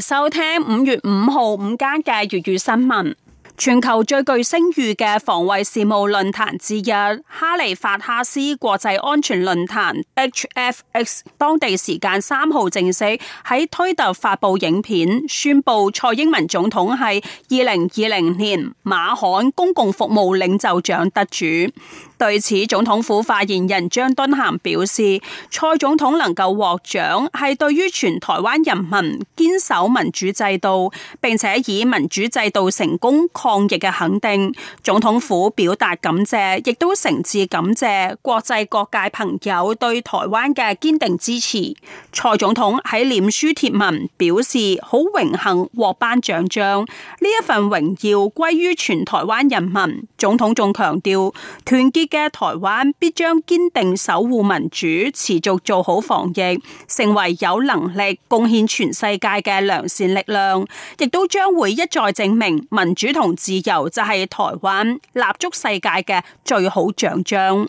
收聽五月五號午間嘅粵語新聞。全球最具聲譽嘅防衛事務論壇之一，哈利法哈斯國際安全論壇 （HFX） 當地時間三號正式喺推特發布影片，宣布蔡英文總統係二零二零年馬侃公共服務領袖獎得主。對此，總統府發言人張敦涵表示，蔡總統能夠獲獎，係對於全台灣人民堅守民主制度，並且以民主制度成功抗疫嘅肯定。總統府表達感謝，亦都誠摯感謝國際各界朋友對台灣嘅堅定支持。蔡總統喺臉書貼文表示，好榮幸獲頒獎章，呢一份榮耀歸於全台灣人民。總統仲強調團結，嘅台灣必將堅定守護民主，持續做好防疫，成為有能力貢獻全世界嘅良善力量，亦都將會一再證明民主同自由就係台灣立足世界嘅最好獎章。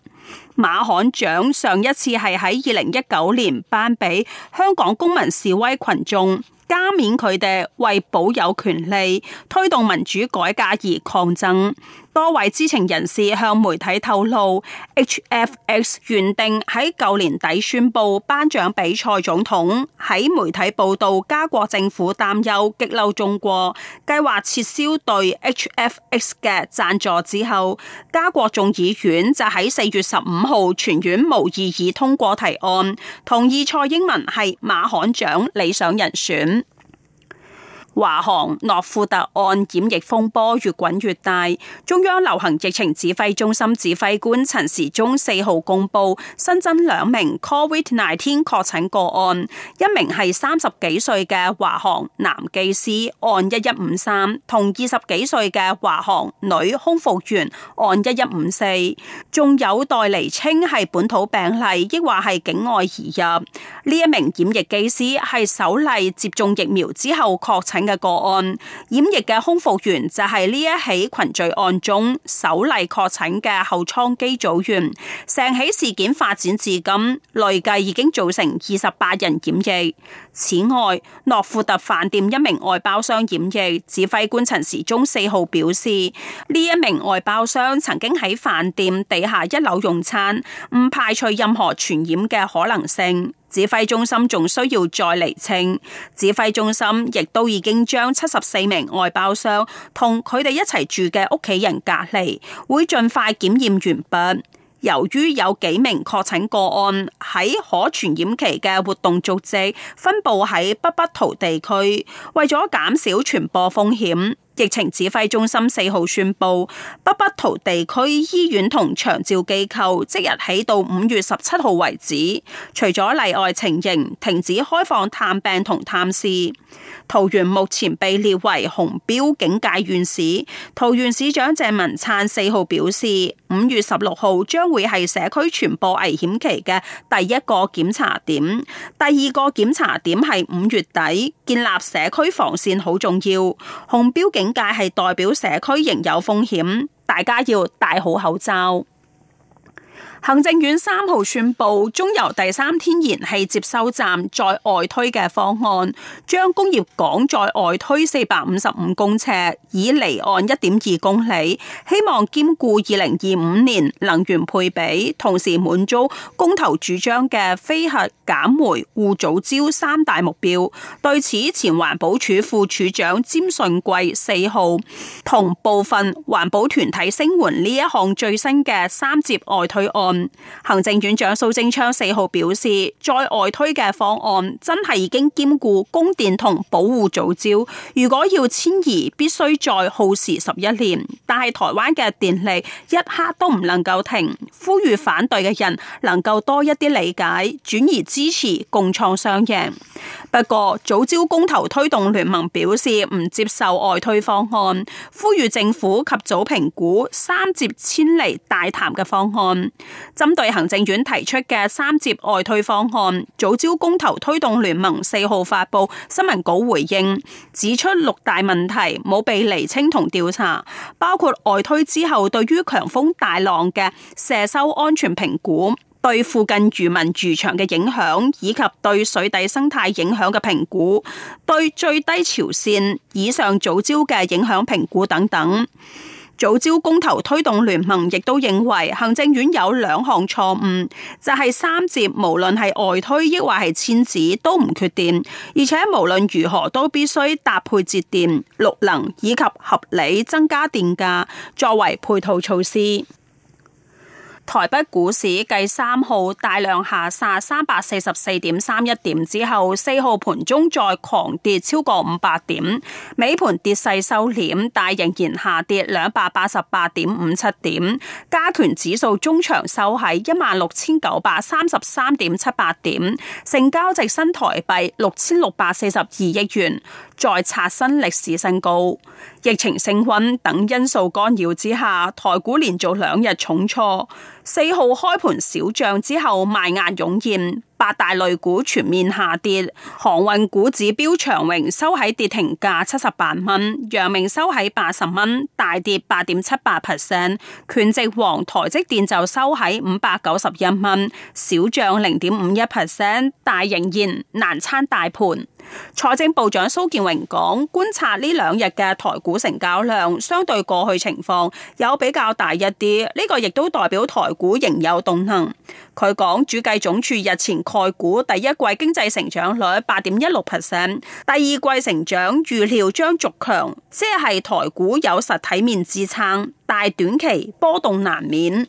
馬侃獎上一次係喺二零一九年頒俾香港公民示威群眾。加冕佢哋為保有權利推動民主改革而抗爭。多位知情人士向媒體透露，HFX 原定喺舊年底宣布頒獎俾蔡總統。喺媒體報道，加國政府擔憂激嬲中國，計劃撤銷對 HFX 嘅贊助之後，加國眾議院就喺四月十五號全院無異議通過提案，同意蔡英文係馬侃獎理想人選。華航諾富特案檢疫風波越滾越大，中央流行疫情指揮中心指揮官陳時中四號公布新增兩名 COVID-19 確診個案，一名係三十幾歲嘅華航男技師案一一五三，同二十幾歲嘅華航女空服員案一一五四，仲有待釐清係本土病例抑或係境外移入。呢一名檢疫技師係首例接種疫苗之後確診嘅個案，染疫嘅空服員就係呢一起群聚案中首例確診嘅後艙機組員。成起事件發展至今，累計已經造成二十八人染疫。此外，諾富特飯店一名外包商染疫，指揮官陳時中四號表示，呢一名外包商曾經喺飯店地下一樓用餐，唔排除任何傳染嘅可能性。指揮中心仲需要再釐清，指揮中心亦都已經將七十四名外包商同佢哋一齊住嘅屋企人隔離，會盡快檢驗完畢。由於有幾名確診個案喺可傳染期嘅活動足跡分佈喺北北桃地區，為咗減少傳播風險。疫情指揮中心四號宣布，北北桃地區醫院同長照機構即日起到五月十七號為止，除咗例外情形，停止開放探病同探視。桃園目前被列為紅標警戒縣市，桃園市長鄭文燦四號表示，五月十六號將會係社區傳播危險期嘅第一個檢查點，第二個檢查點係五月底，建立社區防線好重要。紅標警。界係代表社區仍有風險，大家要戴好口罩。行政院三號宣布中油第三天然氣接收站再外推嘅方案，將工業港再外推四百五十五公尺，以離岸一點二公里，希望兼顧二零二五年能源配比，同時滿足公投主張嘅非核減煤、護藻礁三大目標。對此前環保署副，副署長詹順貴四號同部分環保團體聲援呢一項最新嘅三接外推案。行政院長蘇貞昌四號表示，在外推嘅方案真係已經兼顧供電同保護藻礁，如果要遷移，必須再耗時十一年。但係台灣嘅電力一刻都唔能夠停，呼籲反對嘅人能夠多一啲理解，轉移支持共創雙贏，共創雙贏。不過，藻礁公投推動聯盟表示唔接受外推方案，呼籲政府及早評估三接遷離大潭嘅方案。針對行政院提出嘅三接外推方案，藻礁公投推動聯盟四號發布新聞稿回應，指出六大問題冇被釐清同調查，包括外推之後對於強風大浪嘅射收安全評估。對附近漁民漁場嘅影響，以及對水底生態影響嘅評估，對最低潮線以上藻礁嘅影響評估等等。藻礁公投推動聯盟亦都認為，行政院有兩項錯誤，就係、是、三接無論係外推抑或係遷址都唔缺電，而且無論如何都必須搭配節電、綠能以及合理增加電價作為配套措施。台北股市繼三號大量下殺三百四十四點三一點之後，四號盤中再狂跌超過五百點，尾盤跌勢收斂，但仍然下跌兩百八十八點五七點。加權指數中場收喺一萬六千九百三十三點七八點，成交值新台幣六千六百四十二億元，再刷新歷史新高。疫情升溫等因素干擾之下，台股連續兩日重挫。四號開盤小漲之後，賣壓湧現，八大類股全面下跌。航運股指標長榮收喺跌停價七十八蚊，陽明收喺八十蚊，大跌八點七八 percent。權值王台積電就收喺五百九十一蚊，小漲零點五一 percent，但仍然難撐大盤。財政部長蘇建榮講，觀察呢兩日嘅台股成交量相對過去情況有比較大一啲，呢個亦都代表台股仍有動能。佢講，主計總處日前概股第一季經濟成長率八點一六%，第二季成長預料將續強，即係台股有實體面支撐，大短期波動難免。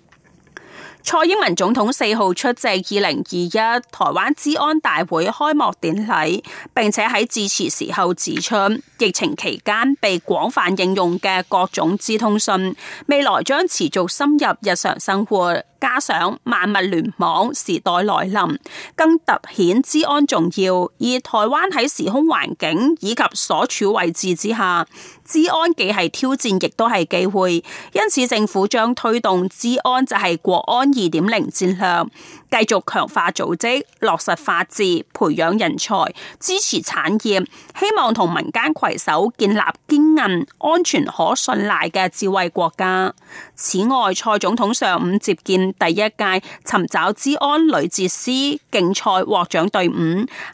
蔡英文總統四號出席二零二一台灣資安大會開幕典禮，並且喺致辭時候指出，疫情期間被廣泛應用嘅各種資通訊，未來將持續深入日常生活。加上萬物聯網時代來臨，更凸顯資安重要。而台灣喺時空環境以及所處位置之下，資安既係挑戰，亦都係機會。因此，政府將推動資安，就係國安二點零戰略。繼續強化組織、落實法治、培養人才、支持產業，希望同民間攜手建立堅韌、安全、可信賴嘅智慧國家。此外，蔡總統上午接見第一屆尋找資安女節師競賽獲獎隊伍，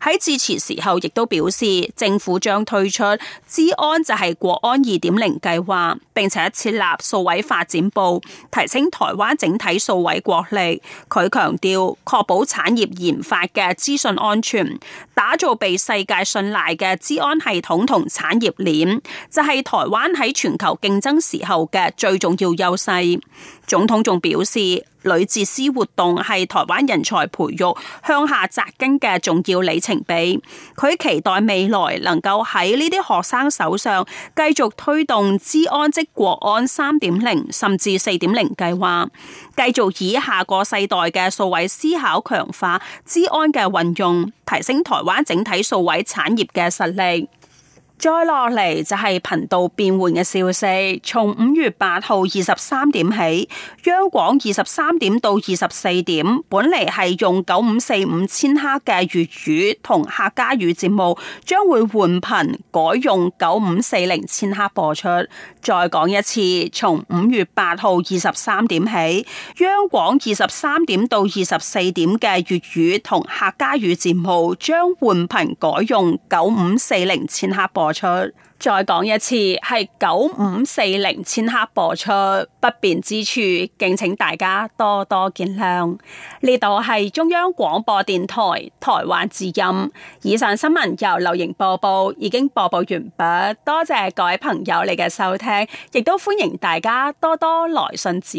喺致辭時候亦都表示，政府將推出資安就係國安二點零計劃，並且設立數位發展部，提升台灣整體數位國力。佢強調。確保產業研發嘅資訊安全，打造被世界信賴嘅資安系統同產業鏈，就係、是、台灣喺全球競爭時候嘅最重要優勢。總統仲表示。女自私活動係台灣人才培育向下扎根嘅重要里程碑。佢期待未來能夠喺呢啲學生手上繼續推動資安即國安三點零甚至四點零計劃，繼續以下個世代嘅數位思考強化資安嘅運用，提升台灣整體數位產業嘅實力。再落嚟，就係頻道變換嘅消息。從五月八號二十三點起，央廣二十三點到二十四點，本嚟係用九五四五千克嘅粵語同客家語節目，將會換頻改用九五四零千克播出。再講一次，從五月八號二十三點起，央廣二十三點到二十四點嘅粵語同客家語節目將換頻改用九五四零千克播出。播出，再講一次係九五四零千克播出，不便、嗯、之處敬請大家多多見諒。呢度係中央廣播電台台灣之音，嗯、以上新聞由劉瑩播報，已經播報完畢。多謝各位朋友你嘅收聽，亦都歡迎大家多多來信指。